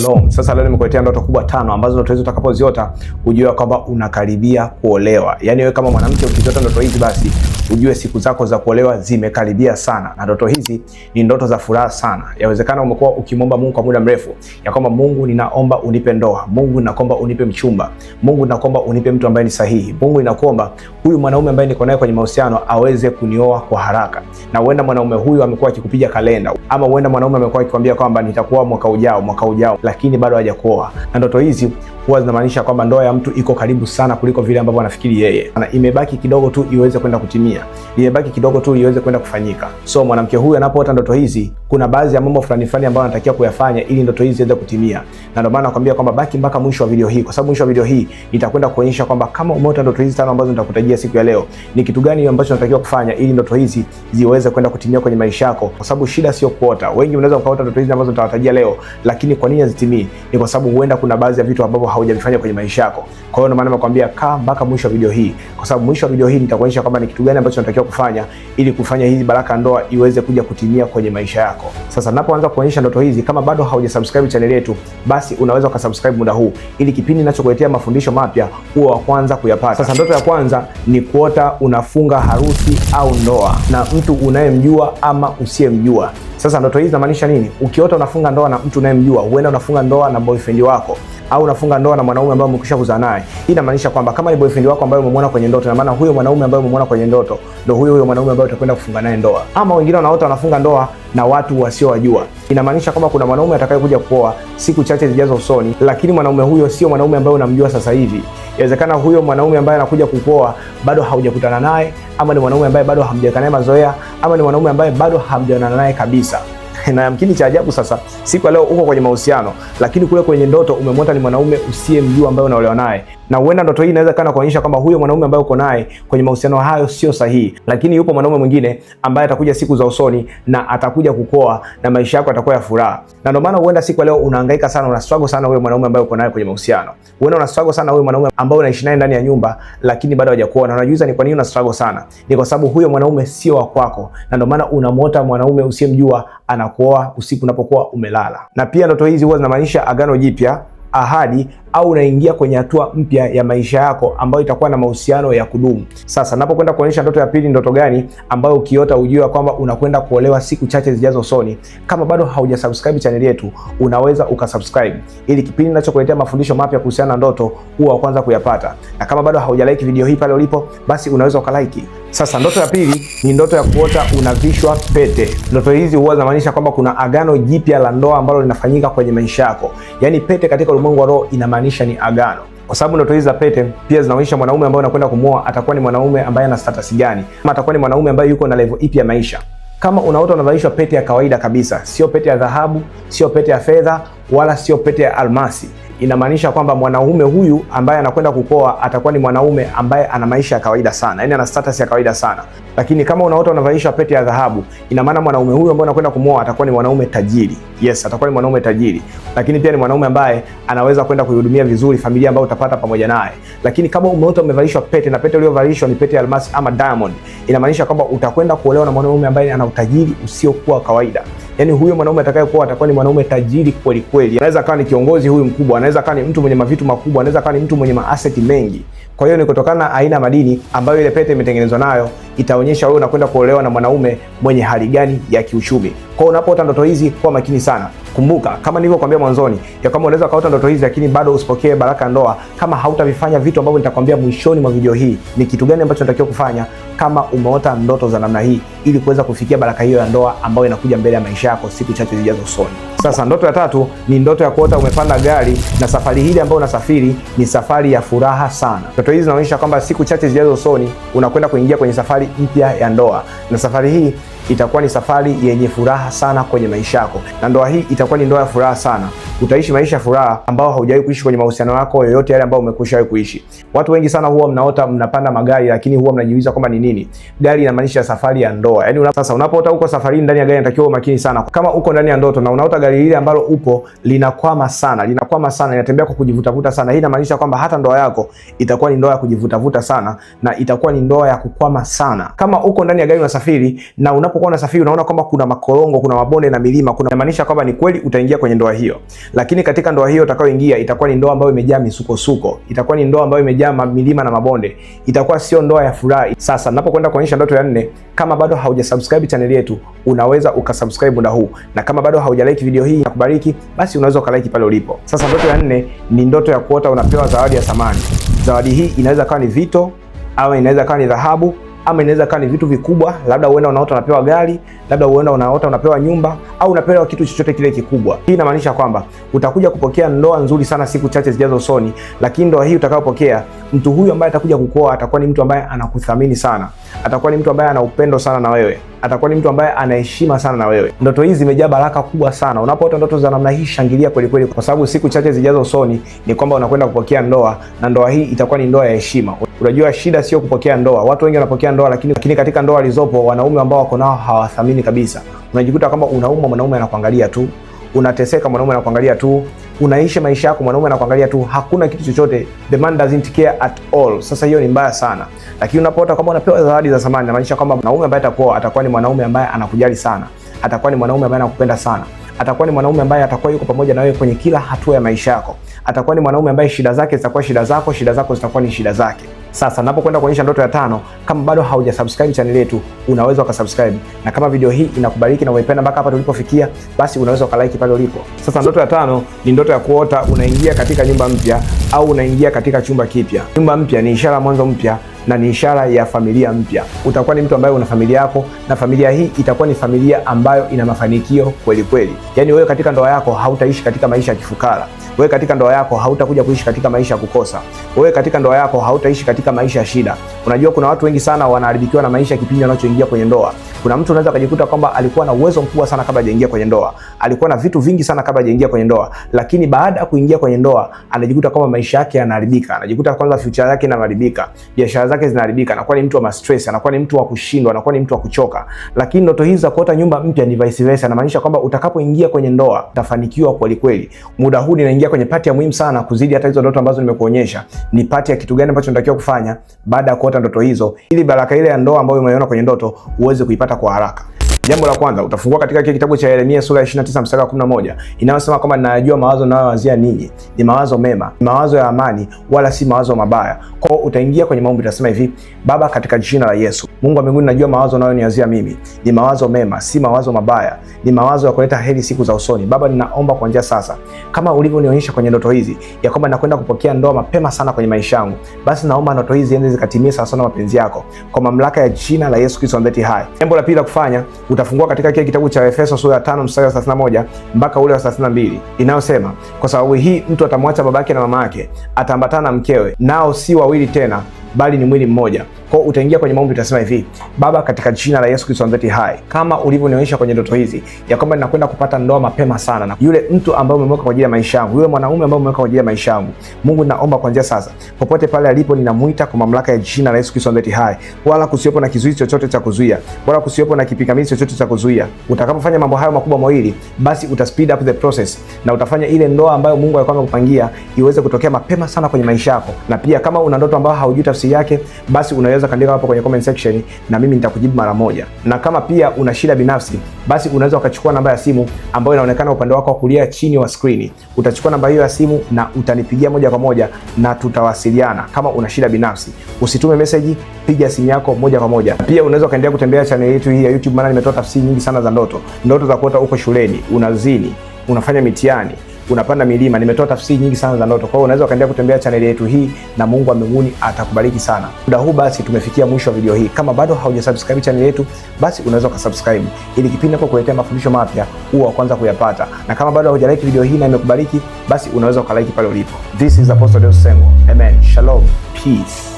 Shalom. Sasa leo nimekuletea ndoto kubwa tano ambazo ndoto hizo utakapoziota ujue kwamba unakaribia kuolewa. Yaani wewe kama mwanamke ukiziota ndoto hizi basi ujue siku zako za kuolewa zimekaribia sana, na ndoto hizi ni ndoto za furaha sana. Yawezekana umekuwa ukimwomba Mungu kwa muda mrefu ya kwamba Mungu, ninaomba unipe ndoa, Mungu ninakuomba unipe mchumba, Mungu nakuomba unipe mtu ambaye ni sahihi, Mungu ninakuomba huyu mwanaume ambaye niko naye kwenye mahusiano aweze kunioa kwa haraka. Na huenda mwanaume huyu amekuwa akikupiga kalenda, ama huenda mwanaume amekuwa akikwambia kwamba nitakuwa mwaka ujao, mwaka ujao lakini bado hajakuoa. Na ndoto hizi huwa zinamaanisha kwamba ndoa ya mtu iko karibu sana kuliko vile ambavyo anafikiri yeye, na imebaki kidogo tu iweze kwenda kutimia, imebaki kidogo tu iweze kwenda kufanyika. So mwanamke huyu anapoota ndoto hizi, kuna baadhi ya mambo fulani fulani ambayo anatakiwa kuyafanya ili ndoto hizi ziweze kutimia, na ndio maana nakwambia kwamba baki mpaka mwisho wa video hii, kwa sababu mwisho wa video hii itakwenda kuonyesha kwamba kama umeota ndoto hizi tano ambazo nitakutajia siku ya leo, ni kitu gani ambacho unatakiwa kufanya ili ndoto hizi ziweze kwenda kutimia kwenye maisha yako, kwa sababu shida sio kuota. Wengi mnaweza mkaota ndoto hizi ambazo nitawatajia leo, lakini kwa nini affect me, ni kwa sababu huenda kuna baadhi ya vitu ambavyo haujavifanya kwenye maisha yako. Kwa hiyo ndio maana nakwambia kaa mpaka mwisho wa video hii, kwa sababu mwisho wa video hii nitakuonyesha kwamba ni kitu gani ambacho unatakiwa kufanya ili kufanya hizi baraka ndoa iweze kuja kutimia kwenye maisha yako. Sasa napoanza kuonyesha ndoto hizi, kama bado haujasubscribe channel yetu, basi unaweza ukasubscribe muda huu, ili kipindi ninachokuletea mafundisho mapya huwa wa kwanza kuyapata. Sasa ndoto ya kwanza ni kuota unafunga harusi au ndoa na mtu unayemjua ama usiyemjua. Sasa ndoto hizi zinamaanisha nini? Ukiota unafunga ndoa na mtu unayemjua, huenda unafunga ndoa na boyfriend wako au unafunga ndoa na mwanaume ambaye umekwisha kuzaa naye. Hii inamaanisha kwamba kama ni boyfriend wako ambaye umemwona kwenye ndoto, na maana huyo mwanaume ambaye umemwona kwenye ndoto ndo huyo huyo mwanaume ambaye utakwenda kufunga naye ndoa. Ama wengine wanaota wanafunga ndoa na watu wasiowajua. Inamaanisha kwamba kuna mwanaume atakayekuja kuoa siku chache zijazo usoni, lakini mwanaume huyo sio mwanaume ambaye unamjua sasa hivi. Inawezekana huyo mwanaume ambaye anakuja kukuoa bado haujakutana naye, ama ni mwanaume ambaye bado hamjakaa naye mazoea, ama ni mwanaume ambaye bado hamjaonana naye kabisa. na yamkini cha ajabu sasa, siku ya leo uko kwenye mahusiano, lakini kule kwenye ndoto umemwota ni mwanaume usiyemjua ambaye unaolewa naye, na huenda ndoto hii inaweza kana kuonyesha kwamba huyo mwanaume ambaye uko naye kwenye mahusiano hayo sio sahihi, lakini yupo mwanaume mwingine ambaye atakuja siku za usoni na atakuja kukoa na maisha yako atakuwa ya furaha. Na ndio maana huenda siku ya leo unahangaika sana, unaswago sana huyo mwanaume ambaye uko naye kwenye mahusiano, huenda unaswago sana huyo mwanaume ambaye unaishi naye ndani ya nyumba, lakini bado hajakuoa na unajiuliza ni kwa nini una unaswago sana. Ni kwa sababu huyo mwanaume sio wa kwako, na ndio maana unamwota mwanaume usiyemjua anakuoa usiku unapokuwa umelala. Na pia ndoto hizi huwa zinamaanisha agano jipya, ahadi au unaingia kwenye hatua mpya ya maisha yako ambayo itakuwa na mahusiano ya kudumu. Sasa napokwenda kuonyesha ndoto ya pili, ndoto gani ambayo ukiota ujue kwamba unakwenda kuolewa siku chache zijazo soni. Kama bado haujasubscribe channel yetu, unaweza ukasubscribe ili kipindi ninachokuletea mafundisho mapya kuhusiana na ndoto huwa wa kwanza kuyapata, na kama bado haujalike video hii pale ulipo, basi unaweza ukalike. Sasa ndoto ya pili ni ndoto ya kuota unavishwa pete. Ndoto hizi huwa zinamaanisha kwamba kuna agano jipya la ndoa ambalo linafanyika kwenye maisha yako, yaani pete katika ulimwengu wa roho ina inamaanisha ni agano, kwa sababu ndoto hizi za pete pia zinaonyesha mwanaume ambaye unakwenda kumwoa atakuwa ni mwanaume ambaye ana status gani, ama atakuwa ni mwanaume ambaye yuko na level ipi ya maisha. Kama unaota unavalishwa pete ya kawaida kabisa, sio pete ya dhahabu, sio pete ya fedha, wala sio pete ya almasi inamaanisha kwamba mwanaume huyu ambaye anakwenda kupoa atakuwa ni mwanaume ambaye ana maisha ya kawaida sana, yani ana status ya kawaida sana. Lakini kama unaota unavalishwa pete ya dhahabu, ina maana mwanaume huyu ambaye anakwenda kumwoa atakuwa ni mwanaume tajiri. Yes, atakuwa ni mwanaume tajiri, lakini pia ni mwanaume ambaye anaweza kwenda kuihudumia vizuri familia ambayo utapata pamoja naye. Lakini kama umeota umevalishwa pete na pete uliyovalishwa ni pete ya almasi ama diamond, inamaanisha kwamba utakwenda kuolewa na mwanaume ambaye ana utajiri usiokuwa kawaida. Yaani huyo mwanaume atakayekuwa atakuwa ni mwanaume tajiri kweli kweli. Anaweza kawa ni kiongozi huyu mkubwa, anaweza kaa ni mtu mwenye mavitu makubwa, anaweza kaa ni mtu mwenye maaseti mengi. Kwa hiyo ni kutokana na aina madini ambayo ile pete imetengenezwa nayo, itaonyesha wewe unakwenda kuolewa na mwanaume mwenye hali gani ya kiuchumi. Kwa unapoota ndoto hizi kwa makini sana. Kumbuka kama nilivyokuambia mwanzoni, ya kama unaweza kaota ndoto hizi lakini bado usipokee baraka ndoa, kama hautavifanya vitu ambavyo nitakwambia mwishoni mwa video hii. Ni kitu gani ambacho unatakiwa kufanya kama umeota ndoto za namna hii, ili kuweza kufikia baraka hiyo ya ndoa ambayo inakuja mbele ya maisha yako siku chache zijazo usoni. Sasa ndoto ya tatu ni ndoto ya kuota umepanda gari, na safari hili ambayo unasafiri ni safari ya furaha sana. Ndoto hizi zinaonyesha kwamba siku chache zijazo usoni unakwenda kuingia kwenye safari mpya ya ndoa, na safari hii itakuwa ni safari yenye furaha sana kwenye maisha yako, na ndoa hii itakuwa ni ndoa ya furaha sana. Utaishi maisha furaha ambao haujawahi kuishi kwenye mahusiano yako yoyote yale ambayo umekwishawahi kuishi. Watu wengi sana huwa mnaota mnapanda magari, lakini huwa mnajiuliza kwamba ni nini gari. Inamaanisha safari ya ndoa. Yani una, sasa unapoota uko safari ndani ya gari, inatakiwa makini sana. Kama uko ndani ya ndoto na unaota gari lile ambalo upo linakwama sana, linakwama sana, linatembea kwa kujivutavuta sana, hii inamaanisha kwamba hata ndoa yako itakuwa ni ndoa ya kujivutavuta sana na itakuwa ni ndoa ya kukwama sana. Kama uko ndani ya gari unasafiri na unapo unapokuwa unasafiri unaona kwamba kuna makorongo, kuna mabonde na milima, kuna maanisha kwamba ni kweli utaingia kwenye ndoa hiyo, lakini katika ndoa hiyo utakayoingia itakuwa ni ndoa ambayo imejaa misukosuko, itakuwa ni ndoa ambayo imejaa milima na mabonde, itakuwa sio ndoa ya furaha. Sasa ninapokwenda kuonyesha ndoto ya nne, kama bado haujasubscribe channel yetu, unaweza ukasubscribe muda huu, na kama bado haujalike video hii na kubariki, basi unaweza ukalike pale ulipo. Sasa ndoto ya nne ni ndoto ya kuota unapewa zawadi ya thamani. Zawadi hii inaweza kawa ni vito au inaweza kawa ni dhahabu ama inaweza kuwa ni vitu vikubwa, labda uenda unaota unapewa gari, labda uenda unaota unapewa nyumba au unapewa kitu chochote kile kikubwa. Hii inamaanisha kwamba utakuja kupokea ndoa nzuri sana siku chache zijazo usoni, lakini ndoa hii utakayopokea, mtu huyu ambaye atakuja kukuoa atakuwa ni mtu ambaye anakuthamini sana, atakuwa ni mtu ambaye ana upendo sana na wewe, atakuwa ni mtu ambaye anaheshima sana na wewe. Ndoto hizi zimejaa baraka kubwa sana. Unapoota ndoto za namna hii, shangilia kweli kweli, kwa sababu siku chache zijazo usoni ni kwamba unakwenda kupokea ndoa, na ndoa hii itakuwa ni ndoa ya heshima. Unajua, shida sio kupokea ndoa. Watu wengi wanapokea ndoa, lakini lakini katika ndoa alizopo wanaume ambao wako nao hawathamini kabisa. Unajikuta kwamba unaumwa, mwanaume anakuangalia tu, unateseka, mwanaume anakuangalia tu, unaisha maisha yako, mwanaume anakuangalia tu, hakuna kitu chochote, the man doesn't care at all. Sasa hiyo ni mbaya sana, lakini unapoota kwamba unapewa zawadi za samani, inamaanisha kwamba mwanaume ambaye atakuwa atakuwa ni mwanaume ambaye anakujali sana, atakuwa ni mwanaume ambaye anakupenda sana atakuwa ni mwanaume ambaye atakuwa yuko pamoja na wewe kwenye kila hatua ya maisha yako. Atakuwa ni mwanaume ambaye shida zake zitakuwa shida zako, shida zako zitakuwa ni shida zake. Sasa napokwenda kuonyesha ndoto ya tano, kama bado haujasubscribe channel yetu, unaweza ukasubscribe, na kama video hii inakubariki na umeipenda mpaka hapa tulipofikia, basi unaweza ukalike pale ulipo. Sasa ndoto ya tano ni ndoto ya kuota unaingia katika nyumba mpya au unaingia katika chumba kipya. Nyumba mpya ni ishara mwanzo mpya na ni ishara ya familia mpya. Utakuwa ni mtu ambaye una familia yako, na familia hii itakuwa ni familia ambayo ina mafanikio kweli kweli. Yaani wewe katika ndoa yako hautaishi katika maisha ya kifukara. Wewe katika ndoa yako hautakuja kuishi katika maisha ya kukosa. Wewe katika ndoa yako hautaishi katika maisha ya shida. Unajua kuna watu wengi sana wanaharibikiwa na maisha kipindi wanachoingia kwenye ndoa. Kuna mtu unaweza kujikuta kwamba alikuwa na uwezo mkubwa sana kabla hajaingia kwenye ndoa alikuwa na vitu vingi sana kabla hajaingia kwenye ndoa, lakini baada ya kuingia kwenye ndoa anajikuta kwamba maisha yake yanaharibika, anajikuta kwanza future yake inaharibika, biashara zake zinaharibika, anakuwa ni mtu wa mastress, anakuwa ni mtu wa kushindwa, anakuwa ni mtu wa kuchoka. Lakini ndoto hizi za kuota nyumba mpya ni vice versa, anamaanisha kwamba utakapoingia kwenye ndoa utafanikiwa kweli kweli. Muda huu ninaingia kwenye pati ya muhimu sana kuzidi hata hizo ndoto ambazo nimekuonyesha, ni pati ya kitu gani ambacho unatakiwa kufanya baada ya kuota ndoto hizo, ili baraka ile ya ndoa ambayo umeiona kwenye ndoto uweze kuipata kwa haraka. Jambo la kwanza utafungua katika kile kitabu cha Yeremia sura ya 29 mstari wa 11 inayosema kwamba ninayajua mawazo ninayowazia ninyi, ni mawazo mema, ni mawazo ya amani, wala si mawazo mabaya. Kwa hiyo utaingia kwenye maombi, utasema hivi: Baba, katika jina la Yesu, Mungu wa mbinguni, najua mawazo unayoniwazia mimi ni mawazo mema, si mawazo mabaya, ni mawazo ya kuleta heri siku za usoni. Baba, ninaomba kuanzia sasa, kama ulivyonionyesha kwenye ndoto hizi ya kwamba nakwenda kupokea ndoa mapema sana kwenye maisha yangu, basi naomba ndoto hizi ziende zikatimie sawasawa na mapenzi yako, kwa mamlaka ya jina la Yesu Kristo ambaye hai. Jambo la pili la kufanya utafungua katika kile kitabu cha Efeso sura ya 5 mstari wa 31 mpaka ule wa 32 inayosema, kwa sababu hii mtu atamwacha babake na mama yake, ataambatana na mkewe, nao si wawili tena, bali ni mwili mmoja. Kwa utaingia kwenye maombi utasema hivi: Baba, katika jina la Yesu Kristo ambaye hai, kama ulivyonionyesha kwenye ndoto hizi ya kwamba ninakwenda kupata ndoa mapema sana, na yule mtu ambaye umemweka kwa ajili ya maisha yangu, yule mwanaume ambaye umemweka kwa ajili ya maisha yangu, Mungu naomba kuanzia sasa, popote pale alipo, ninamuita kwa mamlaka ya jina la Yesu Kristo ambaye hai, wala kusiwepo na kizuizi chochote cha kuzuia, wala kusiwepo na kipingamizi chochote cha kuzuia. Utakapofanya mambo hayo makubwa mawili, basi uta speed up the process na utafanya ile ndoa ambayo Mungu alikuwa amekupangia iweze kutokea mapema sana kwenye maisha yako. Na pia kama una ndoto ambayo haujui tafsiri yake, basi una unaweza kaandika hapo kwenye comment section na mimi nitakujibu mara moja. Na kama pia una shida binafsi, basi unaweza ukachukua namba ya simu ambayo inaonekana upande wako wa kulia chini wa screen. Utachukua namba hiyo ya simu na utanipigia moja kwa moja na tutawasiliana kama una shida binafsi. Usitume message, piga simu yako moja kwa moja. Pia unaweza kaendelea kutembea channel yetu hii ya YouTube maana nimetoa tafsiri nyingi sana za ndoto. Ndoto za kuota uko shuleni, unazini, unafanya mitihani unapanda milima. Nimetoa tafsiri nyingi sana za ndoto, kwa hiyo unaweza ukaendelea kutembea chaneli yetu hii na Mungu wa mbinguni atakubariki sana. Muda huu basi tumefikia mwisho wa video hii. Kama bado haujasubscribe chaneli yetu, basi unaweza ukasubscribe ili kipindi kuletea mafundisho mapya uwe wa kwanza kuyapata, na kama bado haujalike video hii na imekubariki, basi unaweza ukalike pale ulipo. This is Apostle Deusi Sengo. Amen. Shalom. Peace.